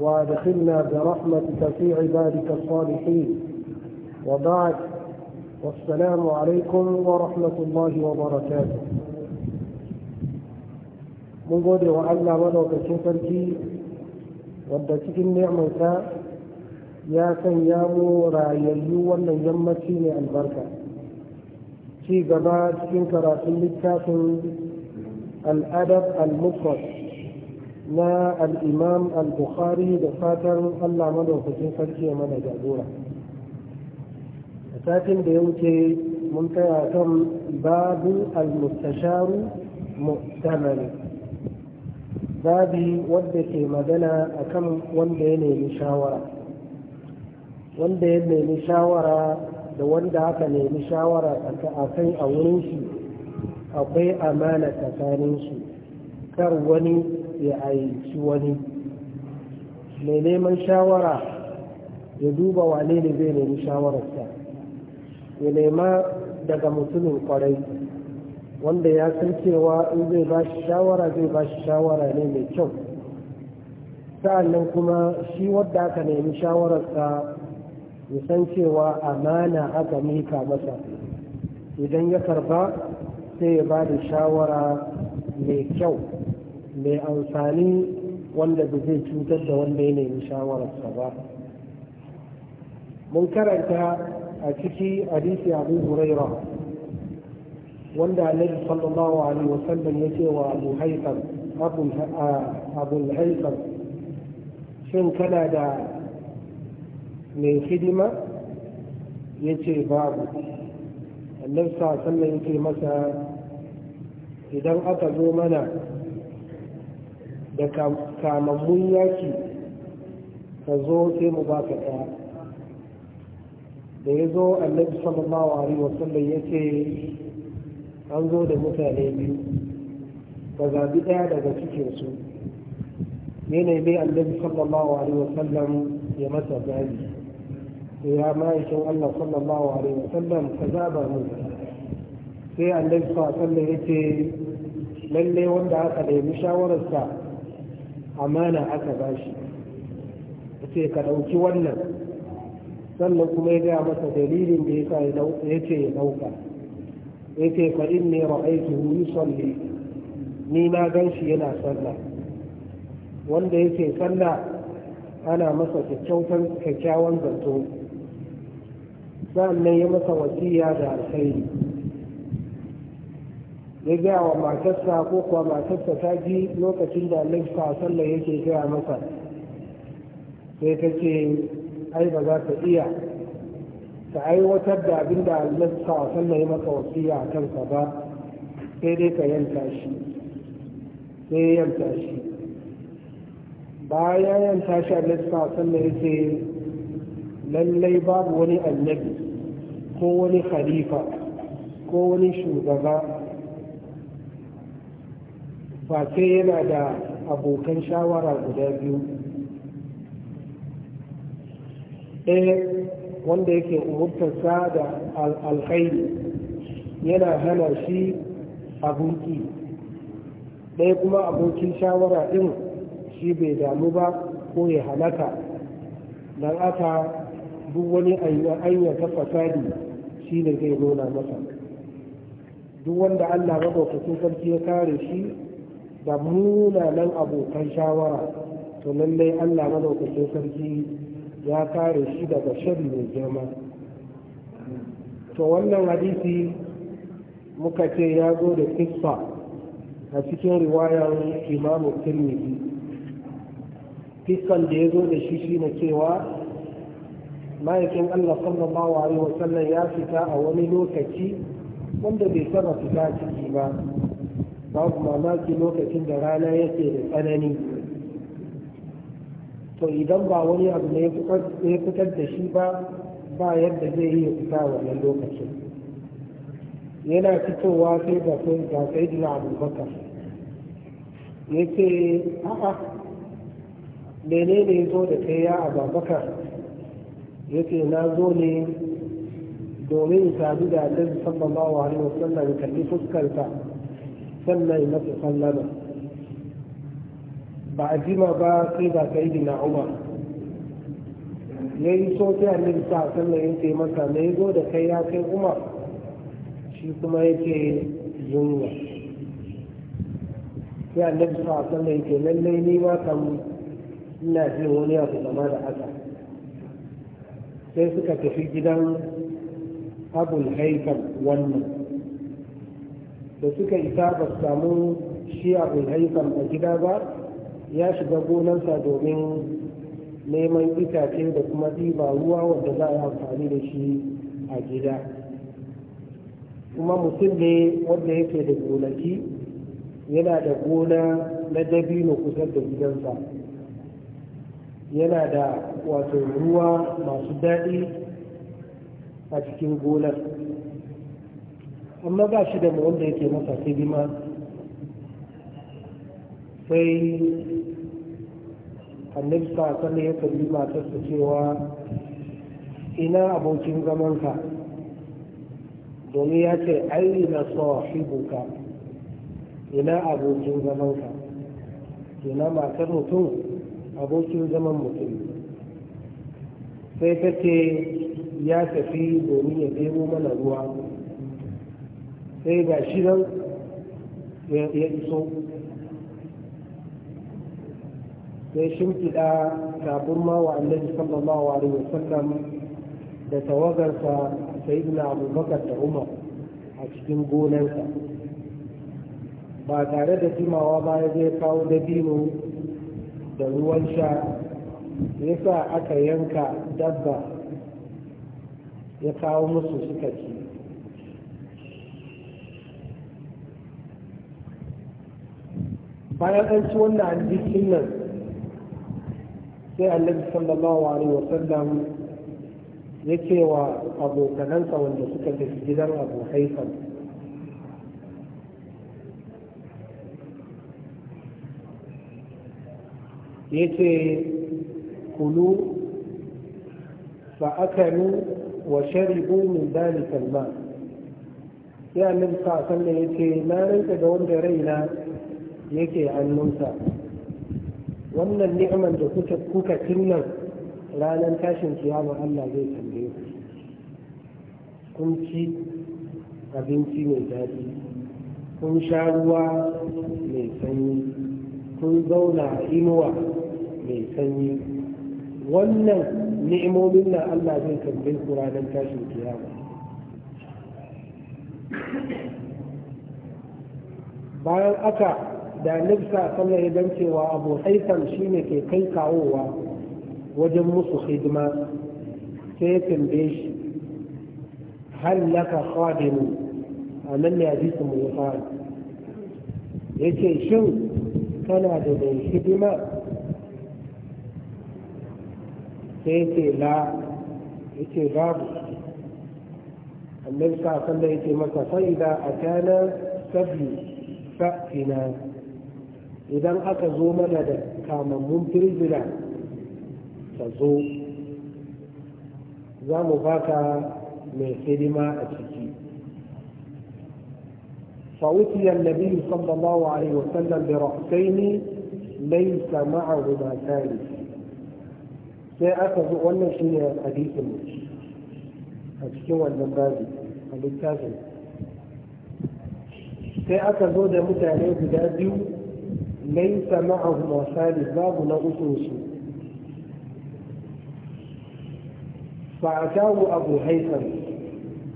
وادخلنا برحمتك في عبادك الصالحين وبعد والسلام عليكم ورحمة الله وبركاته من قد وعلا ولو تشوفركي ودتك النعمة يا سيام رأيي ولا يمتين البركة في قبات انك راسل الأدب المفرد na al'imam al-bukhari da fatan allah madaukakin sarki ya mana jagora a satin da ya wuce mun taya kan babu al-mustasharu mu'tamari babi wadda ke magana akan wanda ya nemi shawara wanda ya nemi shawara da wanda aka nemi shawara a kai a wurin shi akwai amana tsakanin shi kar wani ya aiki wani mai neman shawara ya duba wane ne zai nemi shawararsa ya nema daga mutumin kwarai wanda ya san cewa in zai ba shi shawara zai ba shi shawara ne mai kyau sa'annan kuma shi wadda aka nemi shawararsa ya san cewa amana aka mika masa idan ya karba sai ya ba da shawara mai kyau mai amfani wanda ba zai cutar da wanda ya nemi shawararsa ba mun karanta a ciki hadisi abu huraira wanda annabi sallallahu alaihi wasallam ya ce wa abu haifar abu haifar shin kana da mai hidima ya ce babu annabi sallallahu alaihi wasallam ya ce masa idan aka zo mana da kamammun yaki ka zo sai mu ba ka ɗaya da ya zo annabi sallallahu alaihi wasallam ya ce an zo da mutane biyu ka zaɓi ɗaya daga cikinsu yanayi mai annabi sallallahu alaihi wasallam ya masa zaɓi ya ma'aikin Allah sallallahu alaihi wasallam ka zaba mu sai annabi sallallahu alaihi wasallam ya ce lalle wanda aka nemi shawararsa amana aka bashi ce ka ɗauki wannan sannan kuma ya gaya masa dalilin da ya ce ya ɗauka ya ce fa in ne ra'aitu yi salli ni na gan shi yana sallah wanda ya ce sallah ana masa kyakkyawan zato sannan ya masa wasiya da alkhairi ya gaya wa matarsa ko kuwa matarsa ta ji lokacin da annabi sallar yake gaya masa sai ta ce ai ba za ta iya ta aiwatar da abin da annabi sallar ya maka wasiya a kansa ba sai dai ka yanta shi sai yanta shi bayan yanta shi annabi sallallahu ya ce lallai babu wani annabi ko wani khalifa ko wani shugaba sai yana da abokan shawara guda biyu ɗaya wanda yake umurtarsa da alkhairi yana hana shi abuki ɗaya kuma abokin shawara ɗin shi bai damu ba ko ya halaka don aka duk wani anya ta fasadi shi ne zai nuna masa duk wanda allah maɗaukacin sarki ya kare shi da nan abokan shawara to lallai Allah madaukakin sarki ya kare shi daga shari mai girma to wannan hadisi muka ce ya zo da kissa a cikin riwayar imamu tirmidhi kissan da ya zo da shi shi na cewa ma'aikin Allah sallallahu alaihi wasallam ya fita a wani lokaci wanda bai saba fita ciki ba babu mamaki lokacin da rana yake da tsanani to idan ba wani abu ne ya fitar da shi ba ba yadda zai yi fita wannan lokacin yana fitowa sai ga ga sai jina abubakar ya ce a'a mene ne zo da kai ya abubakar ya ce na zo ne domin sadu da annabi sallallahu alaihi wasallam kalli fuskarsa sannan ta sallama ba a jima ba sai ba yi na umar ya yi so ta annabi sa sannan ya ce masa na ya zo da kai ya kai umar shi kuma ya ce yunwa sai annabi sa sannan ya ce lallai ni ma kam ina jin wani abu zama da haka sai suka tafi gidan abul haifar wannan da suka isa ba su samu shi a haifan a gida ba ya shiga gonarsa domin neman itace da kuma ɗiba ruwa wanda za a yi amfani da shi a gida kuma mutum ne wanda yake da gonaki yana da gona na dabino kusa da gidansa yana da wato ruwa masu daɗi a cikin gonar amma ba shi da wanda yake masa hidima sai annabi sa sallah ya kalli matarsa cewa ina abokin zamanka domin ya ce aina sahibuka ina abokin zamanka ina matar mutum abokin zaman mutum sai ta ce ya tafi domin ya debo mana ruwa sai ga shi nan ya iso sai shimfiɗa taburma wa annabi sallallahu alaihi wasallam da tawagarsa sayyidina abubakar da umar a cikin gonarsa ba tare da jimawa ba ya zai kawo dabino da ruwan sha ya sa aka yanka dabba ya kawo musu suka ci bayan an ci wannan hadisin nan sai annabi sallallahu alaihi wasallam ya ce wa abokanansa wanda suka tafi gidan abu haifan ya ce kulu fa'akanu wa sharibu min dalika ma ya annabi sa sallallahu ya ce na rinka da wanda raina yake hannunsa wannan ni'imar da kuka kuka ranar tashin kiyama Allah zai tambaye ku kun ci abinci mai daɗi kun sha ruwa mai sanyi kun zauna a inuwa mai sanyi wannan ni'imomin nan Allah zai tambaye ku ranar tashin kiyama bayan aka da annabi sa sallar cewa abu haifar shi ne ke kai kawowa wajen musu hidima sai ya tambaye shi hal laka khadimu a nan ya hadisi mu ya fara ya ce shin kana da mai hidima sai ya ce la ya ce babu annabi sa sallar ya ce masa fa'ida a kana sabbi fa'ina إذا aka زوما mana da kamammun firjina ta zo za mu baka mai hidima النبي صلى الله عليه وسلم برأسين ليس معهما ثالث سيأخذ أن شيء حديث المشي أشكوى النبازي أبو الكاظم سيأخذ أن متعليه بذاته ليس وسائل ثالث ولا أصول فأتاه أبو هيثم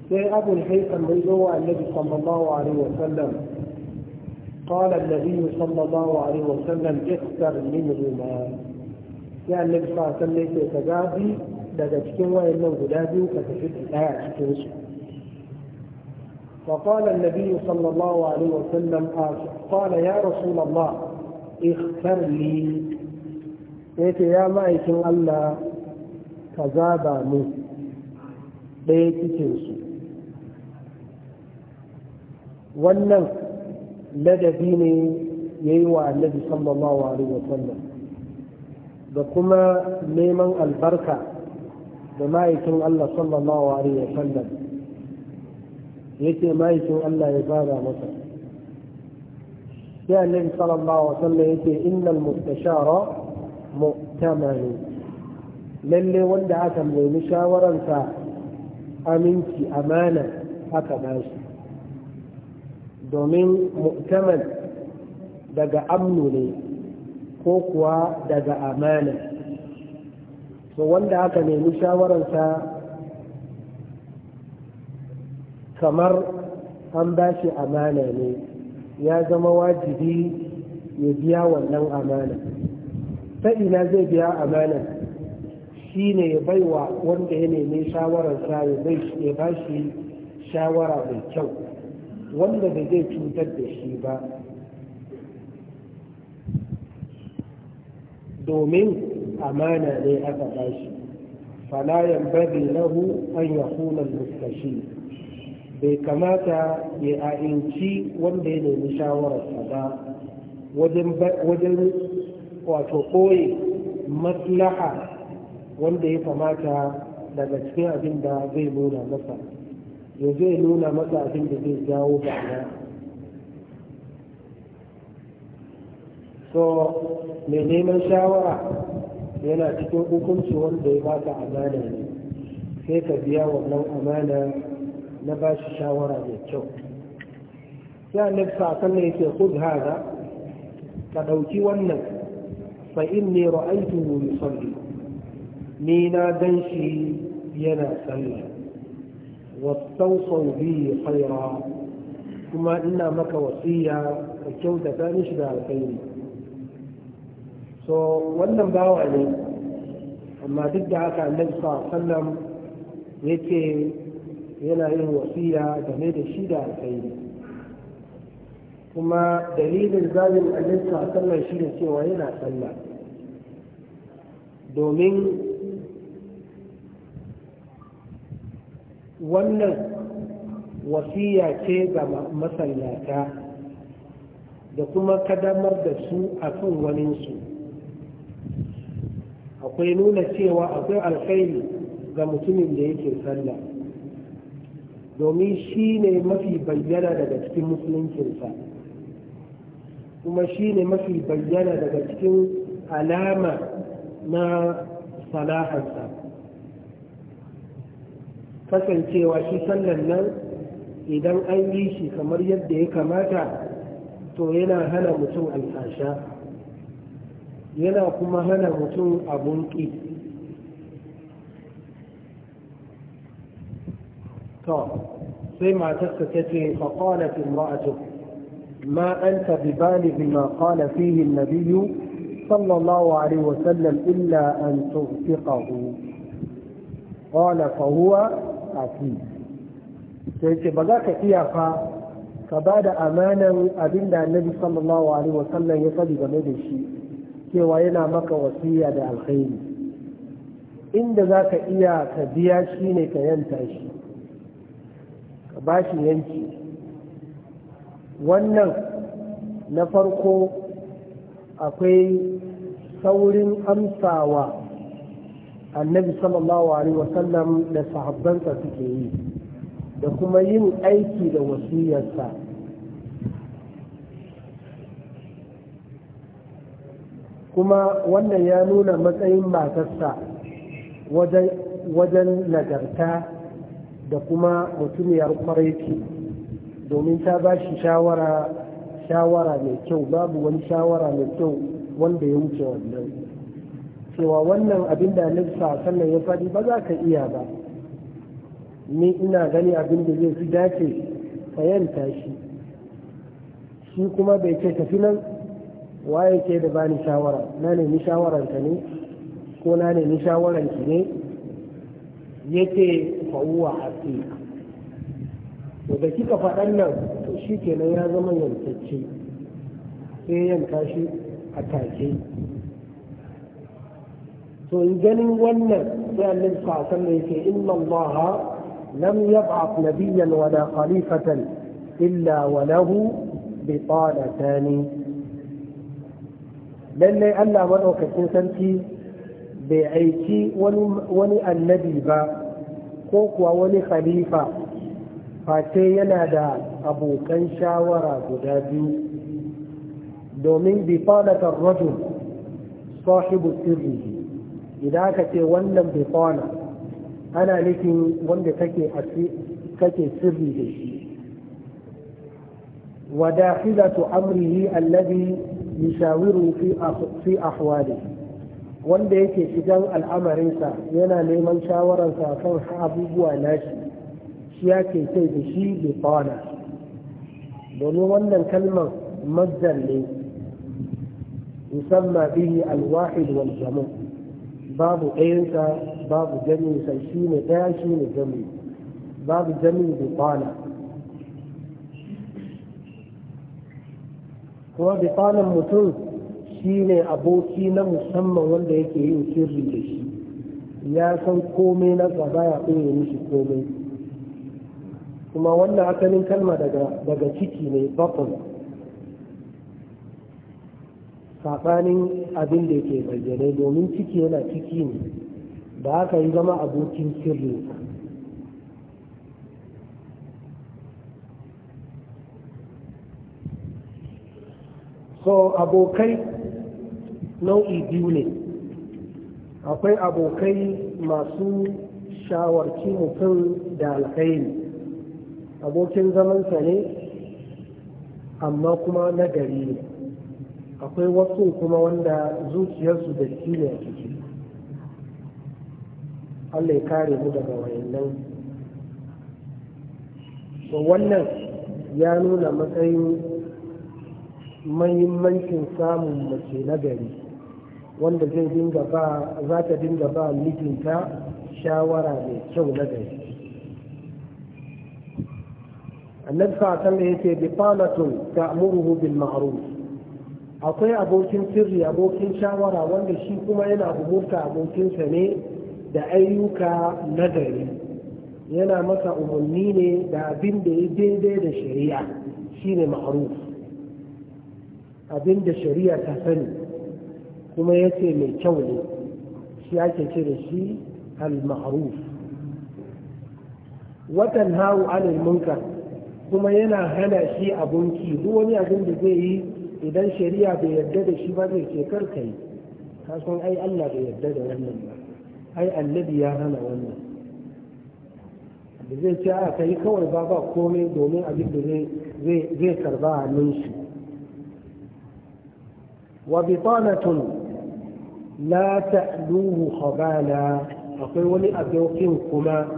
سي أبو الهيثم من هو النبي صلى الله عليه وسلم قال النبي صلى الله عليه وسلم اختر منهما يا النبي صلى الله عليه وسلم يتجابي daga وانه wayannan guda biyu ka فقال النبي صلى الله عليه وسلم قال يا رسول الله ikhtar li yace ya ma'aikin Allah ka zaba mu ɗaya cikin su wannan ladabi ne ya yi wa annabi sallallahu alaihi sallam da kuma neman albarka da ma'aikin Allah sallallahu alaihi ya ce ma'aikin Allah ya zaba masa sai annabi sallallahu alaihi wasallam yake innal mustashara mu'tamanu lalle wanda aka nemi shawararsa aminci amana aka shi. domin mu'taman daga amnu ne ko kuwa daga amana so wanda aka nemi shawararsa kamar an bashi amana ne ya zama wajibi ya biya wannan amana ta ina zai biya amana shi ne ya baiwa wanda ya nemi sa ya ba shi shawara mai kyau wanda da zai cutar da shi ba domin amana ne aka ba shi fala yambari lahu an yakuna mustashi bai kamata ya a'inci wanda ya nemi shawararsa ba wajen wato koyi maslaha wanda ya kamata daga cikin abin da zai nuna masa ya zai nuna masa abin da zai jawo ba'ana so mai neman shawara yana cikin hukunci wanda ya ba baka amana ne sai ka biya wannan amana na ba shi shawara mai kyau sai annabi sakan ne yake kudu haza ka ɗauki wannan ne inni ra'aytuhu yusalli ni na gan shi yana wasu wastawsaw bi khaira kuma ina maka wasiya ka kyau ta nishi da alkhairi so wannan bawa ne amma duk da haka annabi sallallahu alaihi ya yake yana yin wasiya game da shi da alkhairi kuma dalilin zamin annabi sallallahu shi ne cewa yana sallah domin wannan wasiya ce ga masallata da kuma kadamar da su a kan waninsu akwai nuna cewa akwai alkhairi ga mutumin da yake sallah domin shi ne mafi bayyana daga cikin musuluncinsa kuma shi ne mafi bayyana daga cikin alama na salahansa kasancewa shi sallan nan idan an yi shi kamar yadda ya kamata to yana hana mutum alfasha yana kuma hana mutum abun ƙi to sai matarsa ta ce fa qalat imra'atu ma anta bi bali bima qala fihi an-nabiy sallallahu alaihi wa sallam illa an tufiqahu qala fa huwa afi sai ce ba za ka iya fa ka ba da amanar abin da annabi sallallahu alaihi wa sallam ya faɗi game da shi cewa yana maka wasiya da alkhairi inda za ka iya ka biya shine ka yanta shi ba shi yanki wannan na farko akwai saurin amsawa annabi sallallahu alaihi wasallam da sahabbansa suke yi da kuma yin aiki da wasiyarsa kuma wannan ya nuna matsayin matarsa wajen nagarta da kuma mutumiyar kwarai ce domin ta ba shi shawara shawara mai kyau babu wani shawara mai kyau wanda ya wuce wannan cewa wannan abin da nufsa sannan ya faɗi ba za ka iya ba ni ina gani abin da zai fi dace fayanta shi shi kuma bai ce tafi nan waye ce da bani shawara na nemi shawararka ne ko na nemi shawararki ne yake فهو حقيق da kika faɗan nan to shi kenan ya zama yantacce sai yanka shi a take to in ganin wannan sai annabi sallallahu alaihi yake inna allaha lam yab'ath nabiyyan wala khalifatan illa wa lahu bitalatan lalle Allah madaukakin sarki bai aiki wani annabi ba ko kuwa wani khalifa face yana da abokan shawara guda biyu domin bifanatar rajul sahibu sirri idan aka ce wannan bifana ana nufin wanda kake sirri da shi wa وداخلة أمره الذي يشاوره fi أحواله wanda yake idan al'amarinsa yana neman shawararsa kan abubuwa nashi shi ya ke kai da shi bai fawana domin wannan kalmar mazdar ne musamman bihi alwahid wal jamu babu ɗayansa babu jami'insa shi ne ɗaya shi ne jami'i babu jami'i bai fawana kuma bai mutum shi ne aboki na musamman wanda yake yin sirri da shi ya san komai na gaba ya ɓoye mishi komai kuma wannan asalin kalma daga ciki ne bakon saɓanin abin da ke bayyane domin ciki yana ciki ne da aka yi zama abokin sirri so abokai nau'i biyu ne akwai abokai masu shawarci mutum da alkhairi abokin zamansa ne amma kuma nagari ne akwai wasu kuma wanda zuciyarsu da ne a ciki allah kare mu daga wayannan wannan ya nuna matsayin mahimmancin samun mace nagari wanda zai dinga ba za ta dinga ba mijinta shawara mai kyau na gari annabi sa san da yake bi falatun amuruhu bil ma'ruf akwai abokin sirri abokin shawara wanda shi kuma yana umurta abokinsa ne da ayyuka na gari yana masa umarni ne da abin da ya daidai da shari'a shine ma'ruf abin da shari'a ta sani kuma ya ce mai kyau ne shi ake ce da shi al-ma'ruf watan hawu anil munkar kuma yana hana shi ki, duk wani abin da zai yi idan shari'a bai yarda da shi ba zai ce kar kai ka san ai Allah bai yarda da wannan ba ai annabi ya hana wannan da zai ce a kai kawai ba ba komai domin abin da zai karba a nan shi wa bitanatun لا تألوه خبالا أقول ولي أبيوكينكما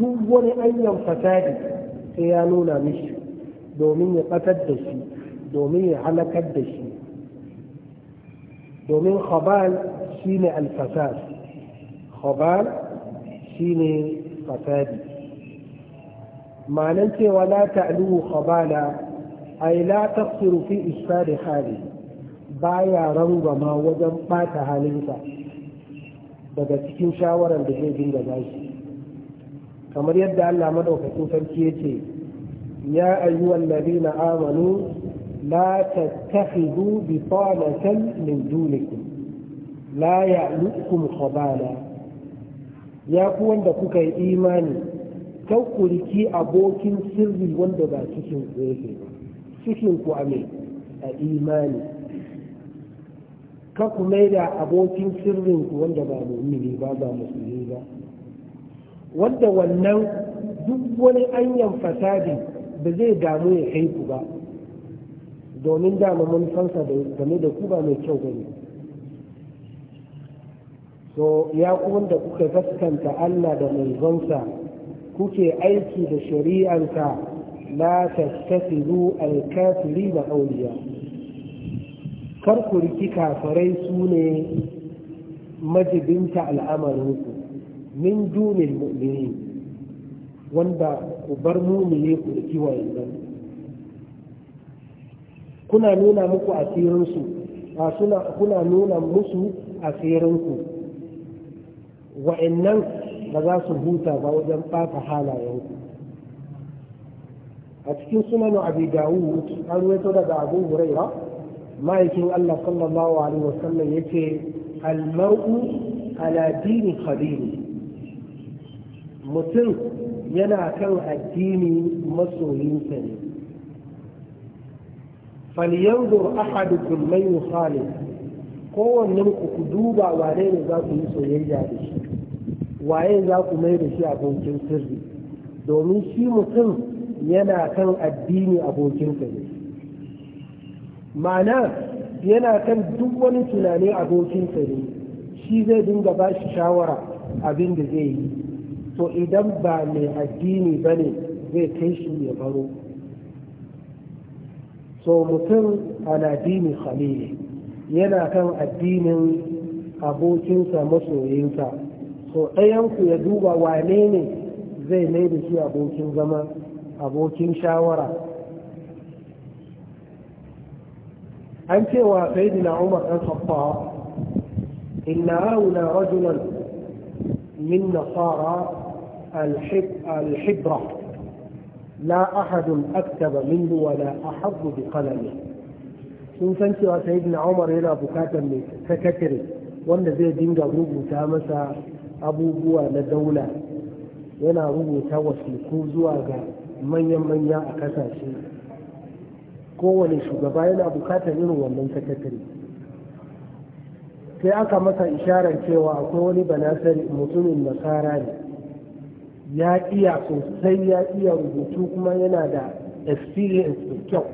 دول أي فساد سيانونا مش دومي قتد دومي حلق الدشي دومي خبال شين الفساد خبال شين فساد ما ننسي ولا تألوه خبالا أي لا تقصر في إشفال حاله baya rangwama wajen ɓata halinsa daga cikin shawarar da zai dinga bashi kamar yadda Allah madaukakin sarki yace ya ayyuhal ladina amanu la tattakhidhu talatan min dunikum la ya'lukum khabala ya ku wanda kuka yi imani taukuriki abokin sirri wanda ba cikin ku yake ba cikin ku a imani ka ku mai da abokin sirrin ku wanda ba mu'mini ba ba musulmi ba wanda wannan duk wani anyan fasadi ba zai damu ya kai ku ba domin dama mun fansa game da ku ba mai kyau gani so ya da kuka faskanta Allah da mai manzonsa kuke aiki da shari'anka la tattafiru al-kafiri da auliya ku riki kafirai su ne majibinta al'amarinku min dunin mu'mini wanda ku bar mumine ku riki wa'annan kuna nuna muku asirinsu kuna nuna musu asirinku wa'annan ba za su huta ba wajen ɓata halayenku a cikin sunanu abi dawud an wato daga abu ma'aikin Allah sallallahu alaihi sallam yake almar'u ala dini qadimi mutum yana kan addini masoyinsa ne falyanzur ahadukum man yukhalif kowannen ku ku duba wane ne za ku yi soyayya da shi waye za ku mai da shi abokin sirri domin shi mutum yana kan addini abokinsa ne ma'ana yana kan duk wani tunani abokinsa ne shi zai dinga ba shi shawara abin da zai yi to idan ba mai addini ba ne zai kai shi ya baro so mutum ana dini khalili yana kan addinin abokinsa masoyinsa so ɗayanku ya duba wane ne zai mai da shi abokin zama abokin shawara an cewa sayyidina umar dan khattab inna auna rajulan min nasara الحبرة لا أحد أكتب منه ولا أحب بقلمه sun san cewa sayyidina umar yana buƙatar mai sakatare wanda zai dinga rubuta masa abubuwa na daula yana rubuta wasiku zuwa ga manyan manya a ƙasashe. kowane shugaba yana bukatar irin wannan sakatare sai aka masa isharar cewa akwai wani banasari mutumin nasara ne ya iya sosai ya iya rubutu kuma yana da experience da kyau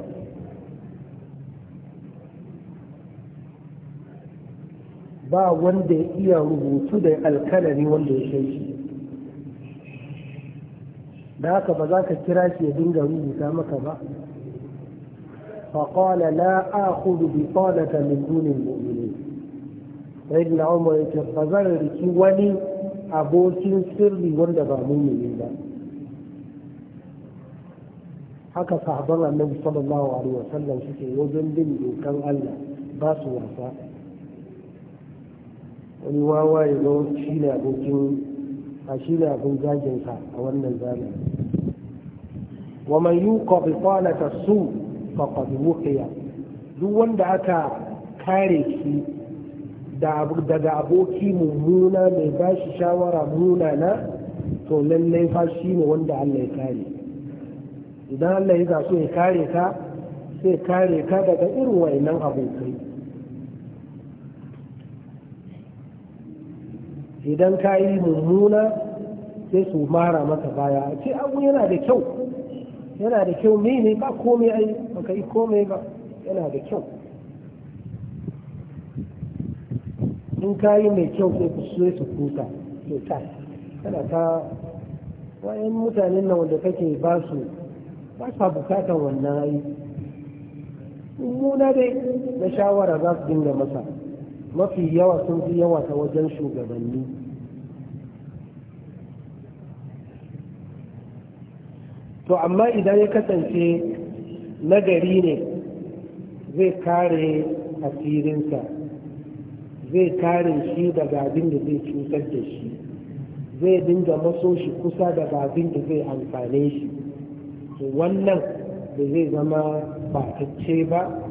ba wanda ya iya rubutu da alkalari wanda ya shai shi da haka ba za ka kira shi ya dinga rubuta maka ba فقال لا آخذ بطانة من دون المؤمنين سيدنا عمر يقول ركي ولي abokin sirri wanda ba mumini ba haka sahabban annabi sallallahu alaihi wasallam suke wajen bin dokan Allah ba su wasa wani wawa ya zo shi ne abin zagin sa a wannan zamani wa man yuqa su faqad wuqiya duk wanda aka kare shi daga aboki mummuna mai bashi shawara munana to lallai fa shi ne wanda Allah ya kare idan Allah ya so ya kare ka sai kare ka daga irin wainan abokai idan ka yi mummuna sai su mara maka baya ce abu yana da kyau yana da kyau mene ba komai ai baka yi komai ba yana da kyau in ka yi mai kyau sai ku so su kuta to ta kana ta wayan mutanen nan wanda kake ba su ba sa bukatan wannan ai mummuna dai na shawara za su dinga masa mafi yawa sun fi yawa ta wajen shugabanni to amma idan ya kasance nagari ne zai kare asirinsa zai kare shi daga abin da zai cutar da shi zai dinga maso shi kusa daga abin da zai amfane shi wannan da zai zama batacce ba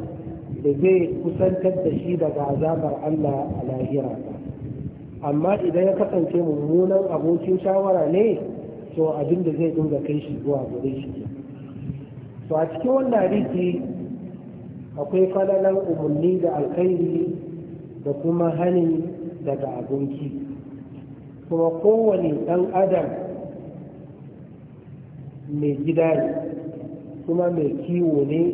da zai kusantar da shi daga azabar Allah a lahira ba amma idan ya kasance mummunan abokin shawara ne to abin da zai dinga kai shi zuwa gare shi to a cikin wannan hadisi akwai falalan umarni da alkhairi da kuma hani daga abinci kuma kowane ɗan adam mai gida ne kuma mai kiwo ne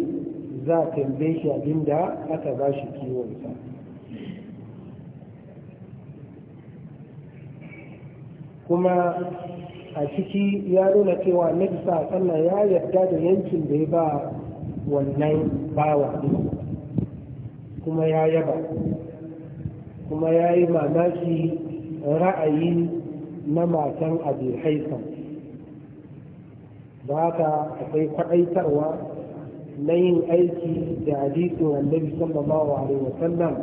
za a tambaye shi abinda aka ba shi sa. kuma a ciki ya nuna cewa na bisa ya yarda da yankin da ya ba wannan bawa kuma ya yaba kuma ya yi mamaki ra'ayi na matan abu haifan Ba haka akwai kwaɗaitarwa na yin aiki da hadisin annabi sallallahu alaihi wasallam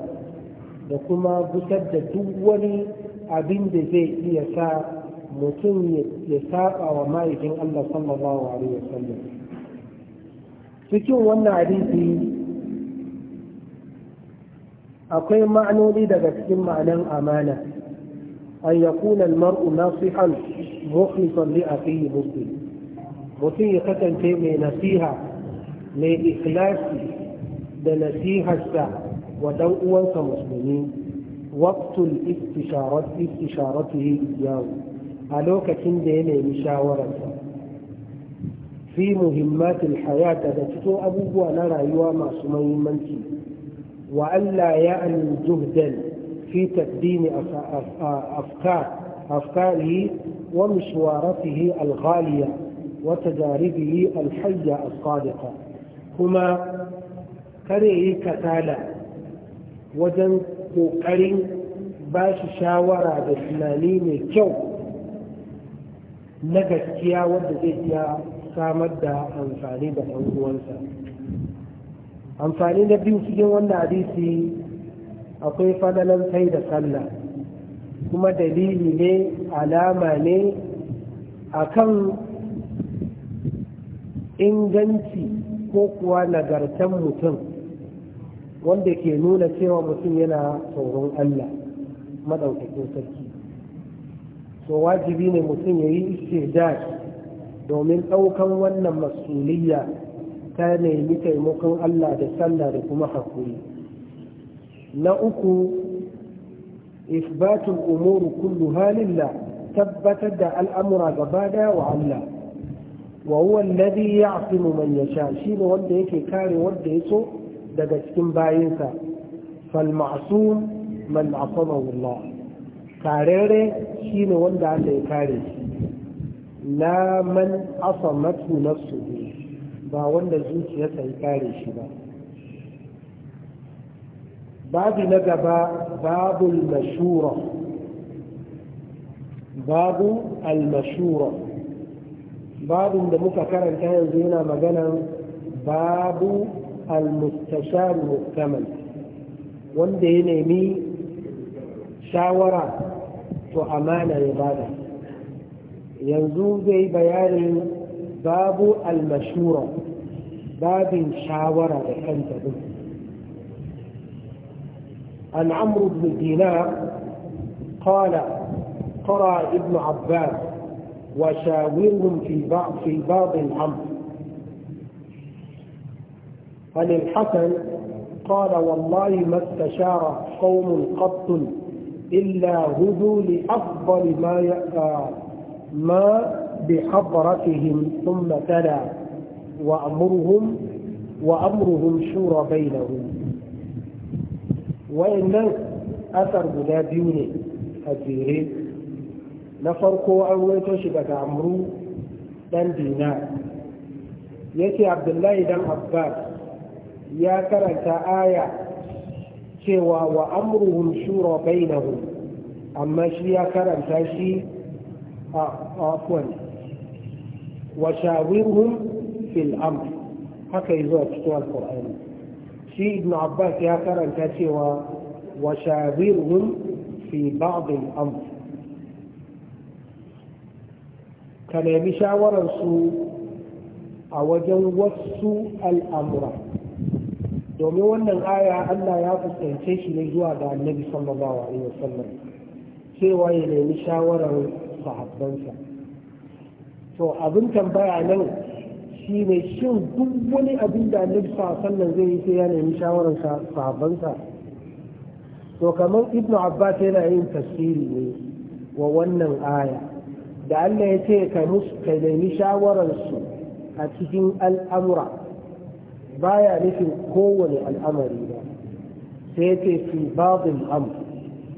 da kuma gusar da duk wani abin da zai iya sa mutum ya saba wa ma'aikin Allah sallallahu alaihi wasallam cikin wannan hadisi akwai ma'anoni daga cikin ma'anan amana an yakuna al-mar'u nasihan mukhlisan li akhihi muslim mutum ya kasance mai nasiha mai ikhlasi da nasiharsa wa dan uwansa musulmi وقت الاستشارة استشارته إياه ألوك كندين مشاورة في مهمات الحياة تتو أبوه أنا رأيوا مع سمي منتي وألا يأل جهدا في تقديم أفكار أفكاره ومشوارته الغالية وتجاربه الحية الصادقة كما كريه كتالا وجن ƙoƙarin ba shi shawara da tunani mai kyau na gaskiya wadda zai iya samar da amfani da ɗan uwansa amfani na biyu cikin wannan hadisi akwai fadalan sai da sallah kuma dalili ne alama ne a kan inganci ko kuwa nagartan mutum wanda ke nuna cewa mutum yana tsoron Allah madaukakin sarki so wajibi ne mutum ya yi istidaj domin ɗaukan wannan masuliyya ta nemi taimakon Allah da sallah da kuma hakuri na uku isbatul umuru kullu halillah tabbatar da al'amura gaba daya wa Allah wa huwa alladhi ya'simu man yasha ne wanda yake kare wanda ya so daga cikin bayinsa falma'asum man Allah karere shine wanda aka yi kare shi Na man asamatu nafsuhu ba wanda zuciyarsa ya kare shi ba babu na gaba babul mashura babu al-mashura Babu da muka karanta yanzu yana maganan babu المستشار مؤتمن wanda ya nemi shawara to amana ya bada yanzu zai bayanin babu almashura babin shawara da kanta duk عن عمرو بن دينار قال قرأ ابن عباس وشاورهم في بعض في بعض الامر عن الحسن قال والله ما استشار قوم قط إلا هدوا لأفضل ما يأتى ما بحضرتهم ثم تلا وأمرهم وأمرهم شورى بينهم وإن أثر بلا biyu ne نفرقوا أول na farko an دينار يأتي عبد الله بن عباس ya karanta aya cewa wa amruhum shura bainahum amma shi ya karanta shi a afwan wa shawirhum fil amr haka yazo a cikin alqur'ani shi ibn abbas ya karanta cewa wa shawirhum fi ba'd al amr ka nemi shawararsu a wajen wasu al'amura domin wannan aya Allah ya fuskance shi ne zuwa ga annabi sallallahu alaihi wasallam cewa ya nemi shawarar sahabbansa to abin tambaya nan shi ne shin duk wani abin da annabi sallallahu alaihi zai yi sai ya nemi shawarar sahabbansa to kamar ibn abbas yana yin tafsiri ne wa wannan aya da Allah ya ce ka nemi shawararsu a cikin al'amura baya nufin kowane al'amari ba sai ce fi babin am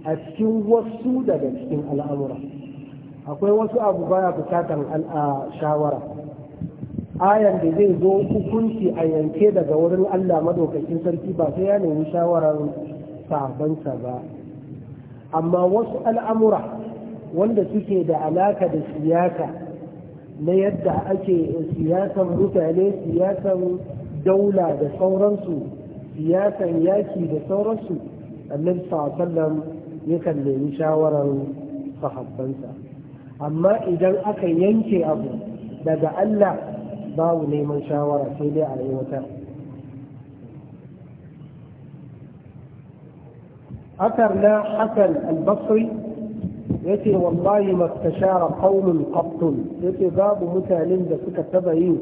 a cikin wasu daga cikin al'amura akwai wasu abu baya bukatan shawara ayan da zai zo hukunci a yanke daga wurin Allah madaukakin sarki ba sai ya nemi shawarar sabansa ba amma wasu al'amura wanda suke da alaka da siyasa na yadda ake siyasan mutane siyasan daula da sauransu siyasan yaki da sauransu annabi sallam yakan nemi shawarar sahabbansa amma idan aka yanke abu daga Allah babu neman shawara sai dai a aiwatar أثر لا حسن البصري yace wallahi maktashara qaumun qattun yace babu mutanen da suka taba yin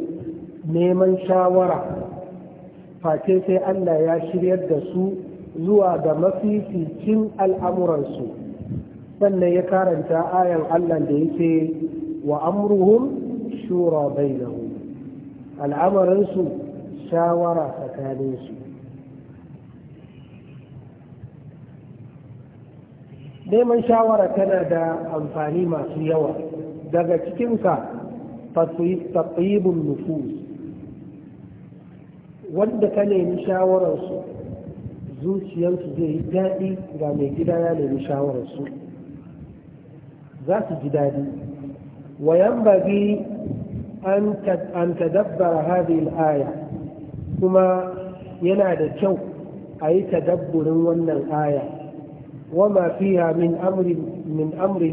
neman shawara face sai Allah ya shiryar da su zuwa ga mafificin al'amuransu sannan ya karanta ayan Allah da yake wa amruhum shura bainahu al'amuransu shawara tsakaninsu neman shawara tana da amfani masu yawa daga cikinka tatsibin nufus wanda ka nemi shawararsu zuciyarsu zai yi daɗi ga mai gida ya nemi shawararsu za su ji daɗi wayan bagi an tadabbara hadhihi aya kuma yana da kyau a yi tadabburin wannan aya wama mafiya min amri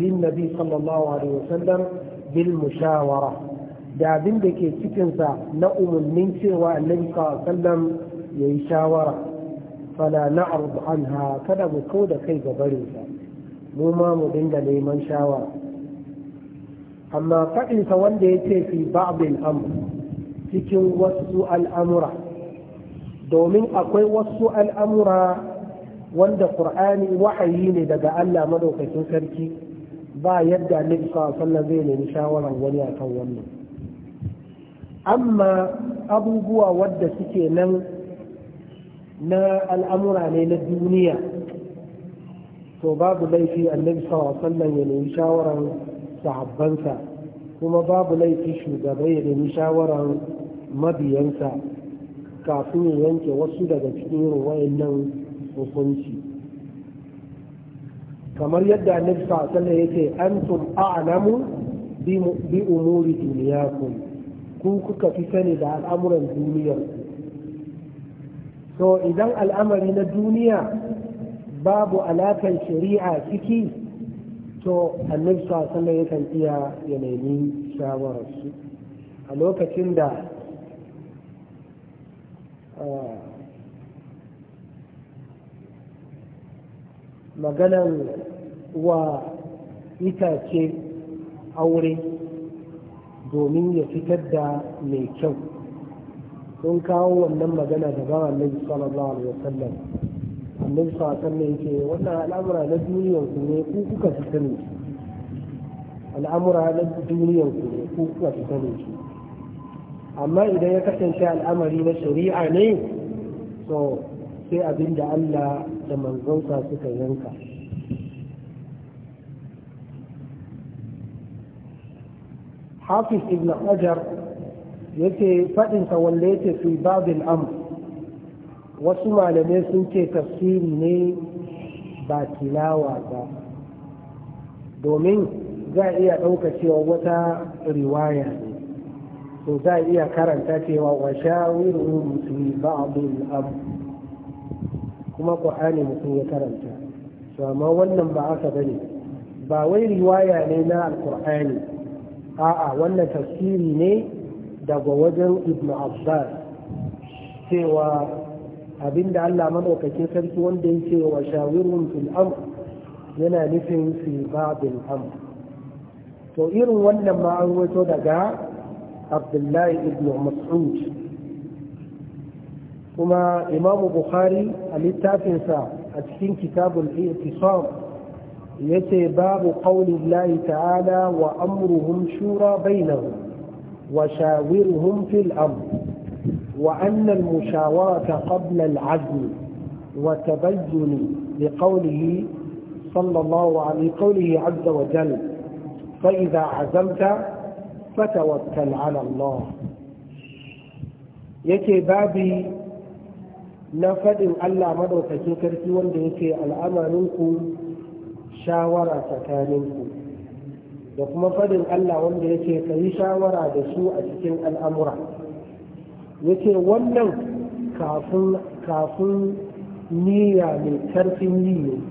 min nabi sallallahu alaihi wasallam bil mushawara da abin da ke cikinsa na umarnin cewa annabi sallam ya yi shawara fala na anha kada mu kau da kai gabarinsa mu ma mu dinga neman shawara amma faɗinsa wanda ya ce fi ba'bin amr cikin wasu al'amura domin akwai wasu al'amura wanda ƙur'ani wahayi ne daga Allah madaukakin sarki ba yadda annabi sallallahu alaihi zai nemi shawarar wani akan wannan amma abubuwa wadda suke nan na al'amura ne na duniya to babu laifi annabi sallallahu ya nemi shawarar sahabbansa kuma babu laifi shugaba ya nemi shawarar mabiyansa kafin ya yanke wasu daga cikin nan hukunci kamar yadda annabi sallallahu yake antum a'lamu bi umuri duniyakum ku kuka fi sani da al'amuran duniyar To idan al'amari na duniya babu alakan shari'a ciki to annabi sallallahu yakan iya ya nemi shawararsu a lokacin da ah, maganan wa itace aure domin ya fitar da mai kyau sun kawo wannan magana da ba annabi sallallahu alaihi wasallam annabi sallallahu alaihi wasallam yake wannan al'amura na duniyar ku ne ku kuka fi sani al'amura na duniyar ku ne ku kuka fi sani amma idan ya kasance al'amari na shari'a ne so sai abin da Allah da manzonsa suka yanka hafiz ibn hajar yake faɗinsa wanda yake fi babin am wasu malamai sun ce tafsiri ne ba tilawa ba domin za iya ɗauka cewa wata riwaya ne to za iya karanta cewa wa shawiru musulmi ba abin am kuma ƙwa'ani mutum ya karanta to amma wannan ba aka bane ba wai riwaya ne na alƙur'ani a'a wannan tafsiri ne daga wajen ibn abbas cewa abinda allah maɗaukakin sarki wanda ya ce wa shawirun fil amr yana nufin fi babin amr to irin wannan ma an wato daga abdullahi ibn mas'ud kuma imamu bukhari a littafinsa a cikin kitabul i'tisam يتي باب قول الله تعالى وأمرهم شورى بينهم وشاورهم في الأمر وأن المشاورة قبل العزم وتبين لقوله صلى الله عليه قوله عز وجل فإذا عزمت فتوكل على الله yake باب نفد faɗin Allah madaukakin sarki الأمر منكم shawara tsakaninku da kuma fadin Allah wanda yake ka shawara da su a cikin al'amura yake wannan kafin niyya mai karfin yi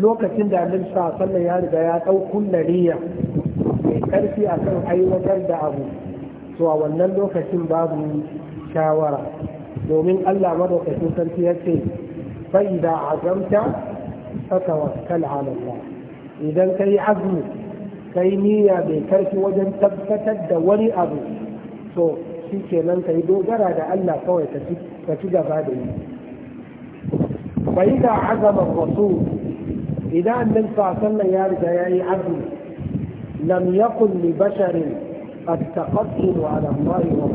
lokacin da annabi sallan ya riga ya ɗaukun niyya mai karfi kan aiwatar da abu to a wannan lokacin babu shawara domin Allah madaukakin sarki ya ce a gamta. azamta فتوكل على الله idan ka yi azumi ka yi niyya mai karfi wajen tabbatar da wani abu to shi kenan ka yi dogara da Allah kawai ka ci gaba da yi bai da azaman wasu idan annan sasan nan ya riga ya yi azumi lam yakun li basharin attaqaddu ala Allah wa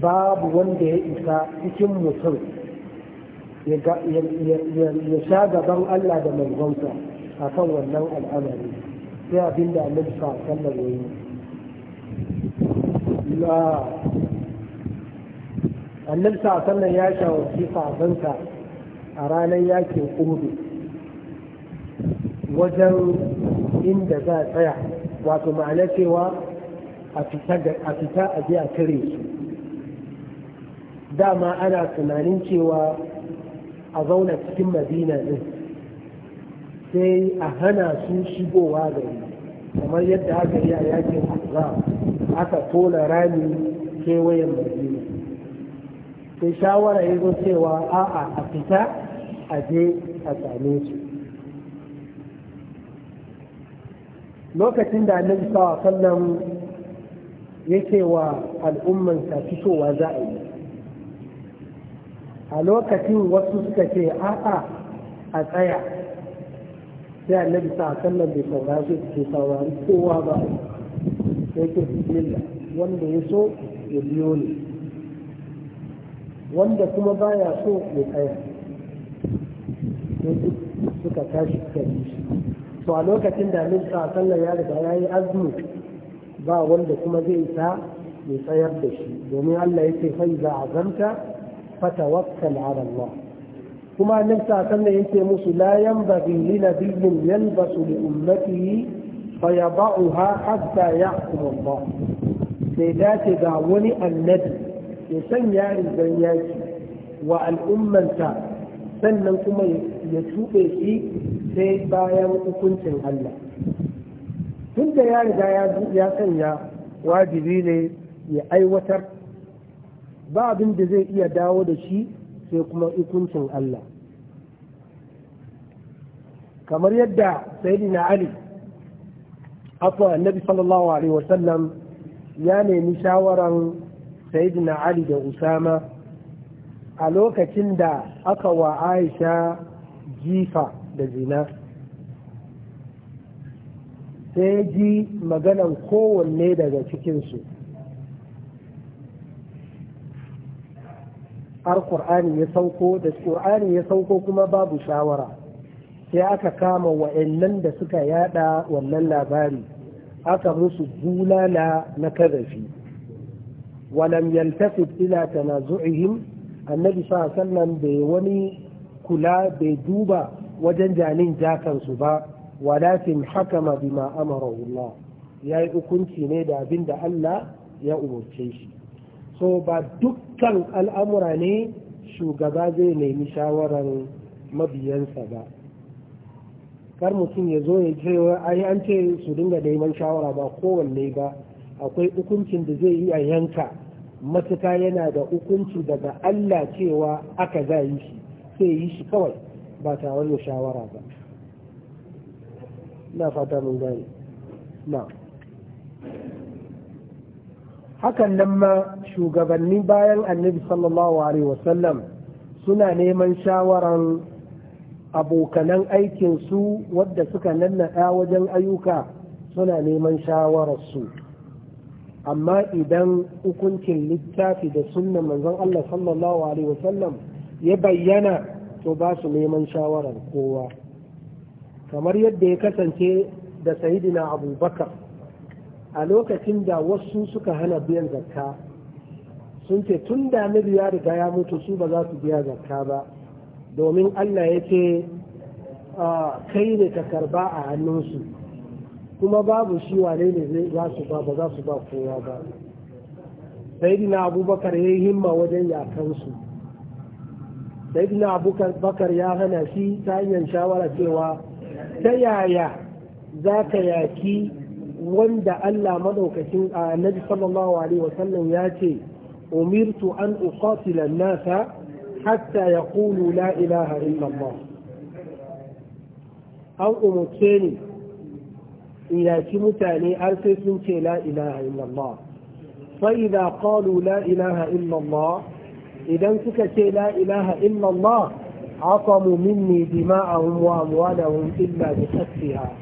babu wanda ya isa cikin mutum ya sha gaban Allah da manzonsa a kan wannan al'amari sai abin da annabi sa sallar yayi la annabi sa sallar ya shawarci sabansa a ranar yakin uhudu wajen inda za a tsaya wato ma'ana cewa a fita a je a kare su dama ana tunanin cewa a zauna cikin madina ɗin sai a hana su shigowa gari kamar yadda aka yi a yakin azza aka tona rami kewayen madina sai shawara ya zo cewa a'a a fita a je a same su lokacin da annabi sallallahu alaihi wasallam yake wa al'ummansa fitowa za a yi a lokacin wasu suka ce a'a a tsaya sai annabi sa sallan bai saurari ke saurari kowa ba sai ke bismillah wanda ya so ya biyo ne wanda kuma baya so ya tsaya sai suka tashi suka yi shi to a lokacin da annabi sa sallan ya riga ya yi azumi ba wanda kuma zai sa ya tsayar da shi domin Allah ya ce fa iza azamta fatawakkal ala Allah kuma annabi sallallahu alaihi yake musu la yanbaghi li nabiyyin yalbasu li ummatihi fayada'uha hatta yahkum Allah sai dace ga wani annabi ya sanya rigar yaki wa al'ummanta sannan kuma ya tuɓe shi sai bayan hukuncin Allah Tunda ya riga ya sanya wajibi ne ya aiwatar ba abin da zai iya dawo da shi sai kuma ikuncin Allah kamar yadda sayyidina Ali afwa annabi sallallahu alaihi wasallam ya nemi shawaran sayyidina Ali da Usama a lokacin da aka wa Aisha jifa da zina sai ji maganan kowanne daga cikinsu har qur'ani ya sauko da ƙur'ani ya sauko kuma babu shawara sai aka kama wa'annan da suka yada wannan labari aka musu bulala na kazafi walam yaltafit ila tanazu'ihim annabi sa sallam bai wani kula bai duba wajen janin jakansu ba walakin hakama bima amara Allah yayi hukunci ne da abin da Allah ya umarce shi so ba dukkan al'amura ne shugaba zai nemi shawarar mabiyansa ba kar mutum ya zo ya ce ai an ce su dinga neman shawara ba kowanne ba akwai hukuncin da zai yi a yanka matuka yana da hukunci daga Allah cewa aka za yi shi sai yi shi kawai ba tare da shawara ba na fata mun gani na hakan nan ma shugabanni bayan annabi sallallahu alaihi wasallam suna neman shawaran abokanan aikinsu wadda suka nannaɗa wajen ayyuka suna neman shawararsu amma idan hukuncin littafi da sunna manzon Allah sallallahu alaihi wasallam ya bayyana to ba su neman shawarar kowa kamar yadda ya kasance da sayidina abubakar a lokacin da wasu suka hana biyan zakka sun ce tun da annabi ya riga ya mutu su ba za su biya zakka ba domin Allah ya ce kai ne ka karba a hannunsu kuma babu shi wane ne za su ba ba za su ba kowa ba dina abubakar ya yi himma wajen yakansu dina abubakar ya hana shi ta hanyar shawara cewa ta yaya za ka yaki wanda Allah maɗaukacin a nabi sallallahu alaihi wasallam ya ce أمرت أن أقاتل الناس حتى يقولوا لا إله إلا الله أو أمتني إلى كمتاني ألفت لا إله إلا الله فإذا قالوا لا إله إلا الله إذا سكت لا إله إلا الله عصموا مني دماءهم وأموالهم إلا بحقها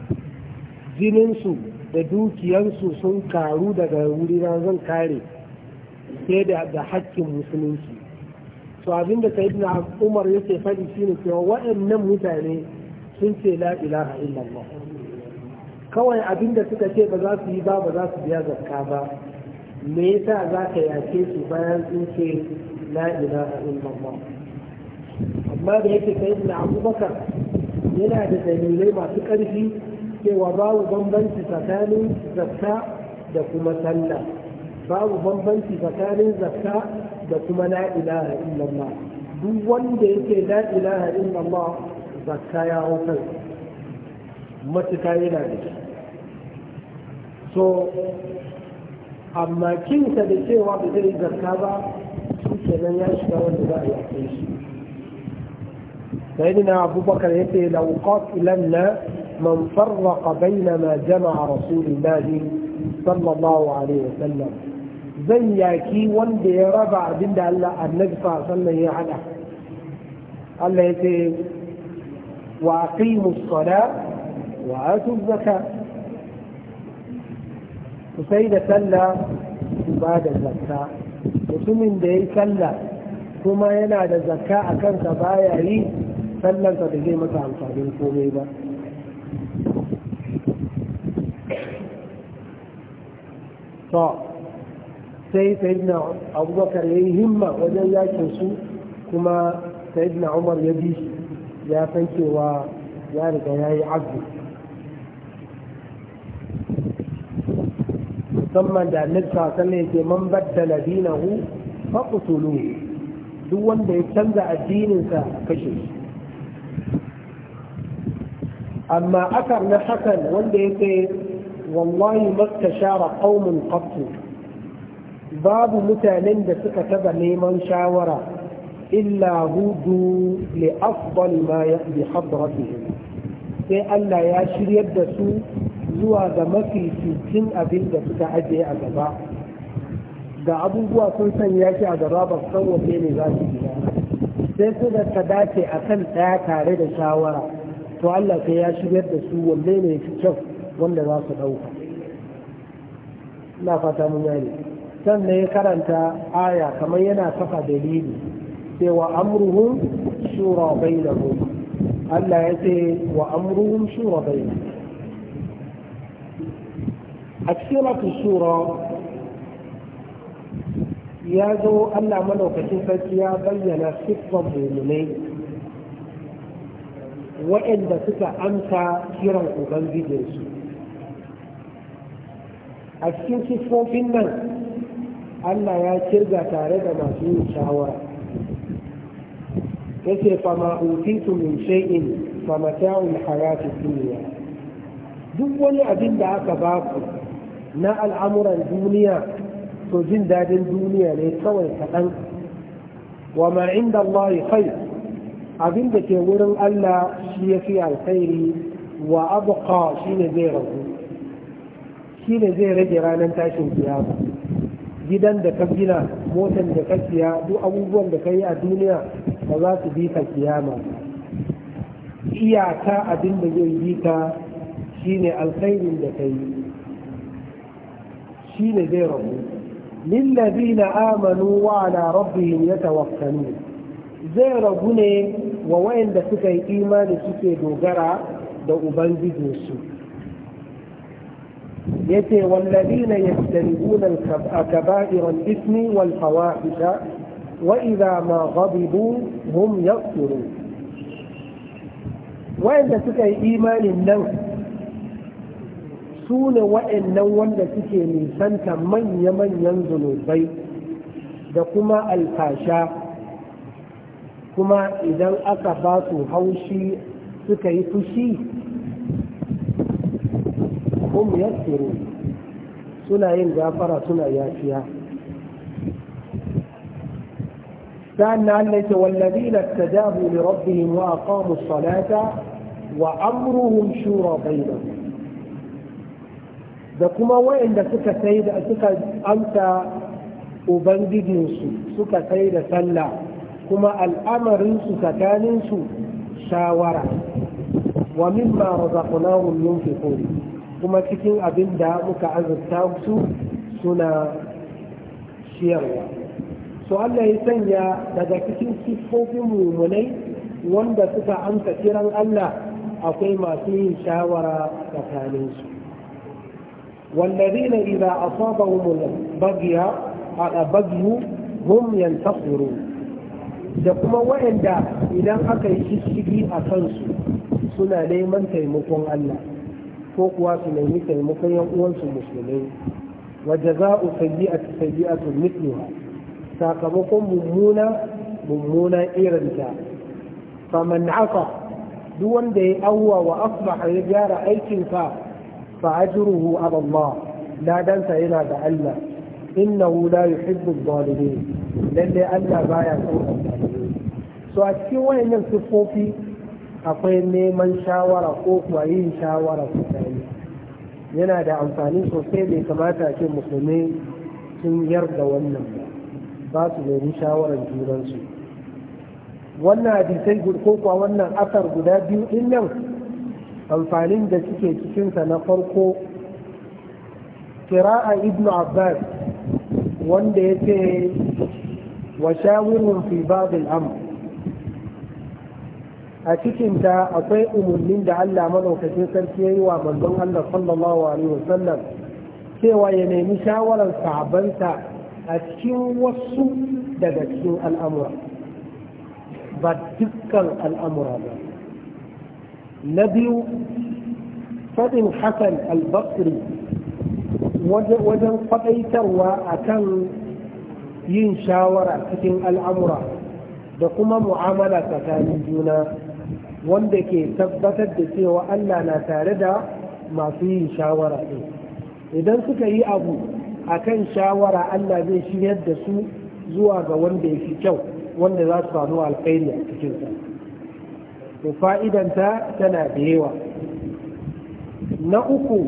جننسوا da dukiyansu sun karu daga wurina zan kare sai da ga haƙƙin musulunci to abin da abinda sayyidina umar yake faɗi shine cewa waɗannan mutane sun ce la ilaha illallah kawai abin da suka ce ba za su yi ba ba za su biya zakka ba me yasa za ka yake su bayan sun ce la ilaha illallah amma da yake sayyidina abubakar yana da dalilai masu ƙarfi cewa babu bambanci tsakanin zakka da kuma sallah babu bambanci tsakanin zakka da kuma la ilaha illallah duk wanda yake la ilaha illallah zakka ya hau kan matuka yana da shi so amma kinsa da cewa ba zai zakka ba shi kenan ya shiga wanda za a yi a shi سيدنا أبو بكر يقول لو قاتلن من فرق بين ما جمع رسول الله صلى الله عليه وسلم زن كي وند يرفع عبد الله النبي صلى الله عليه وسلم قال له واقيموا الصلاة واتوا الزكاة وسيدة سلة بعد الزكاة وثمين دي سلة كما ينادى الزكاة كان تبايعي سلة تتجي مثلا صعبين كوميبا to sai na abubakar ya yi himma wajen yakin su kuma na umar ya bi shi ya san cewa ya riga ya yi abu musamman da annabi ya yake man baddala dinahu faqtulu duk wanda ya canza addininsa kashe shi amma akar na hakan wanda yake wallahi mastashara qaumun qattu babu mutanen da suka taba neman shawara illa hudu li afdal ma bi sai Allah ya shiryar da su zuwa ga mafi cikin abin da suka ajiye a gaba da abubuwa sun sanya shi a gaba ba san wanne ne za su gida sai su da ta dace a kan ɗaya tare da shawara to Allah sai ya shiryar da su wanne ne kyau wanda za su ɗauka ina fata mun yari. sannan ya karanta aya kamar yana kafa dalili cewa amruhum shura bainahum Allah ya ce wa amruhum shura bainahum a cikin shura ya zo Allah malaukacin sarki ya bayyana siffar mumunai waɗanda suka amsa kiran ubangijinsu a cikin siffofin nan Allah ya kirga tare da masu yin shawara yace fama utitu min shay'in fa mata'ul hayati dunya duk wani abin da aka ba ku na al'amuran duniya to jin dadin duniya ne kawai kaɗan wa ma inda Allah khair abin da ke wurin Allah shi yafi alkhairi wa abqa shine zai rasu? shi ne zai rage ranar tashin kiyama gidan da ka gina motan da ka siya duk abubuwan da ka yi a duniya ba za su bi ka kiyama iyaka abin da zai yi ka shi ne alkhairin da ka yi shi ne zai rabu na amanu wa ala rabbihim yatawakkalun zai rabu ne wa wayanda suka yi imani suke dogara da ubangijinsu yace wallazina yajtanibuna al-kaba'ira al-ithmi wal fawahisha wa idha ma ghadibu hum yaghfirun wa'anda suka yi imanin nan su ne wa'annan wanda suke nisanta manya-manyan zunubai da kuma alfasha kuma idan aka ba haushi suka yi fushi hum yasiru suna yin gafara suna yafiya كان أنك والذين استجابوا لربهم وأقاموا wa وأمرهم شورى بينهم da kuma wayanda suka sai da suka amsa ubangijinsu suka sai da sallah kuma tsakanin su shawara wa mimma razaqnahum yunfiqun kuma cikin abin da muka azurta su suna shiyarwa. so Allah ya sanya daga cikin siffofin mummunai wanda suka amsa kiran Allah akwai masu yin shawara tsakaninsu والذين إذا أصابهم البغي بغي هم ينتصرون da kuma waɗanda idan aka yi shishigi a kansu suna neman taimakon Allah ko kuwa su nemi taimakon yan uwansu musulmai a jaza'u sayyi'atu sayyi'atu mithluha sakamakon mummuna mummuna irinta faman afa duk wanda ya awwa wa asbaha ya gyara aikinsa fa ajruhu ala Allah ladansa yana da Allah innahu la yuhibbu adh-dhalimin lalle Allah baya son adh-dhalimin so a cikin wayannan siffofi akwai neman shawara ko kuwa yin shawara tsakani yana da amfani sosai bai kamata ce musulmi sun yarda wannan ba su nemi shawarar junansu wannan hadisai ko kuwa wannan asar guda biyu din nan amfanin da suke cikinsa na farko Kira a ibnu abbas wanda ya ce wa shawarar fi babin amur a cikinta akwai umarnin da Allah madaukakin sarki ya yi wa manzon Allah sallallahu alaihi wasallam cewa ya nemi shawarar sahabbansa a cikin wasu daga cikin al'amura ba dukkan al'amura ba na biyu faɗin hasan al-basri wajen faɗaitarwa a kan yin shawara cikin al'amura da kuma mu'amala tsakanin juna wanda ke tabbatar da cewa Allah na tare da masu yin shawara ɗin idan suka yi abu a kan shawara Allah zai shiryar da su zuwa ga wanda ya fi kyau wanda za su samu alkhairi a cikinsa to fa'idanta tana da yawa na uku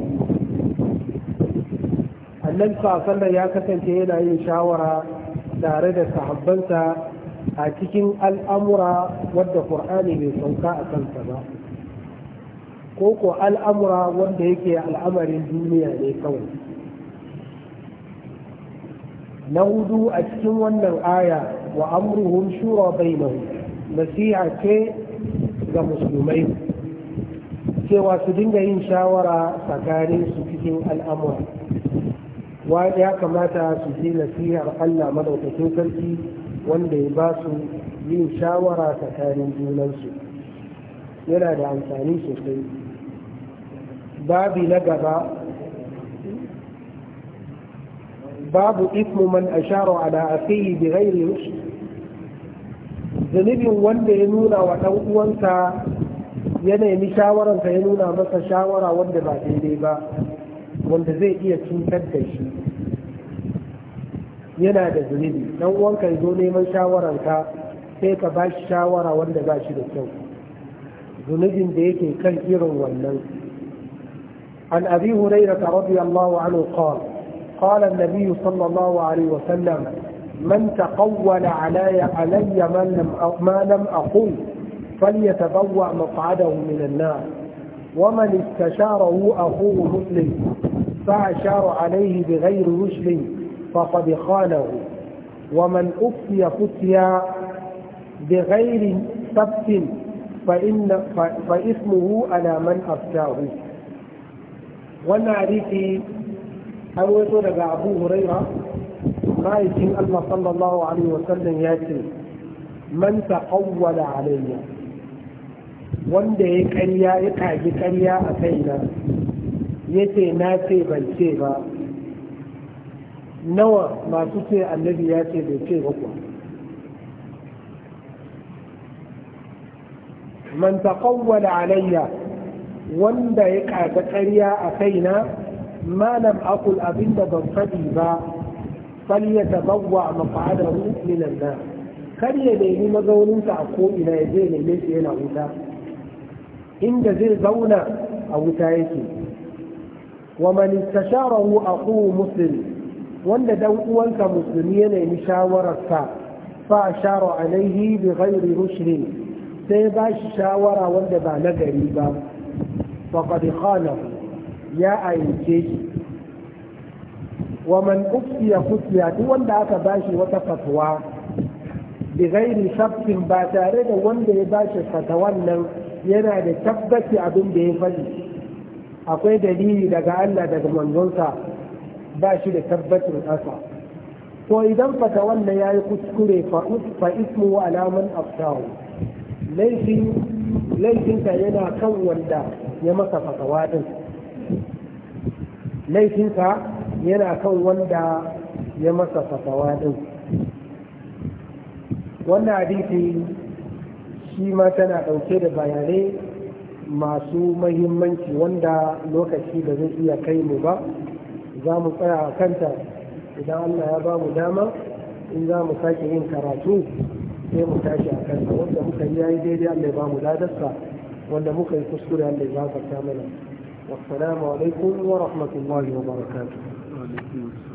annabi sallallahu ya kasance yana yin shawara tare da sahabbansa a cikin al'amura wadda ƙur'ani bai sauka a kansa ba ko ko al'amura wanda yake al'amarin duniya ne kawai na hudu a cikin wannan aya wa amruhum shura bainahu nasiha ce ga musulmai cewa su dinga yin shawara tsakanin su cikin al'amura wa ya kamata su ji nasihar Allah madaukakin sarki wanda ya ba su yin shawara tsakanin junansu yana da amfani sosai babi na gaba babu ismu man ashara ala akhihi bi ghairi rushd zunubin wanda ya nuna wa dan uwansa ya nemi shawararsa ya nuna masa shawara wanda ba daidai ba wanda zai iya cutar da shi yana da zunubi dan uwan ka zo neman shawaran ka sai ka ba shi shawara wanda ba shi da kyau zunubin da yake kan irin wannan an abi hurairah radiyallahu anhu qala قال النبي صلى الله عليه وسلم من تقول علي, علي ما لم ما لم أقل فليتبوأ مقعده من النار ومن استشاره أخوه مسلم فأشار عليه بغير مسلم فقد خانه ومن أفتي فتيا بغير سبت فإن فإثمه على من أفتاه ونعرف أن لك أبو هريرة رأيت الله صلى الله عليه وسلم يأتي من تقول علي وندي كريا يقعد كريا أتينا يتي ناتي بل nawa masu ce annabi ya ce bai ce bakwa man taqawwala alayya wanda ya kaga ƙarya a kaina ma lam aqul abinda ban faɗi ba fal yatabawwa maq'adahu min an-nar kar ya nemi mazauninsa a ko'ina ya je ne shi yana wuta inda zai zauna a wuta yake wa man istasharahu aqu muslim wanda dan uwanka musulmi ya nemi shawararsa fa ashara alaihi bi ghairi rushrin sai ba shi shawara wanda ba na gari ba qad khana ya ayyuke shi wa man ufiya kufiya duk wanda aka bashi wata fatwa bi ghairi shakkin ba tare da wanda ya bashi fatawan nan yana da tabbaci abin da ya faɗi akwai dalili daga Allah daga manzonsa ba shi da tabbatin ƙasa. to idan fata wanda ya yi kuskure fa ismu alaman aftahu laifinka yana kan wanda ya masa fatawa din laifinka yana kan wanda ya masa fatawa din wannan hadisi shi ma tana ɗauke da bayanai masu mahimmanci wanda lokaci da zai iya kai mu ba za mu tsaya a kanta idan Allah ya ba mu dama in za mu sake yin karatu sai mu tashi a kanta wanda muka yi yayi daidai Allah ya ba mu ladarsa wanda muka yi kuskure Allah ya gafarta mana wassalamu alaikum wa rahmatullahi wa barakatuh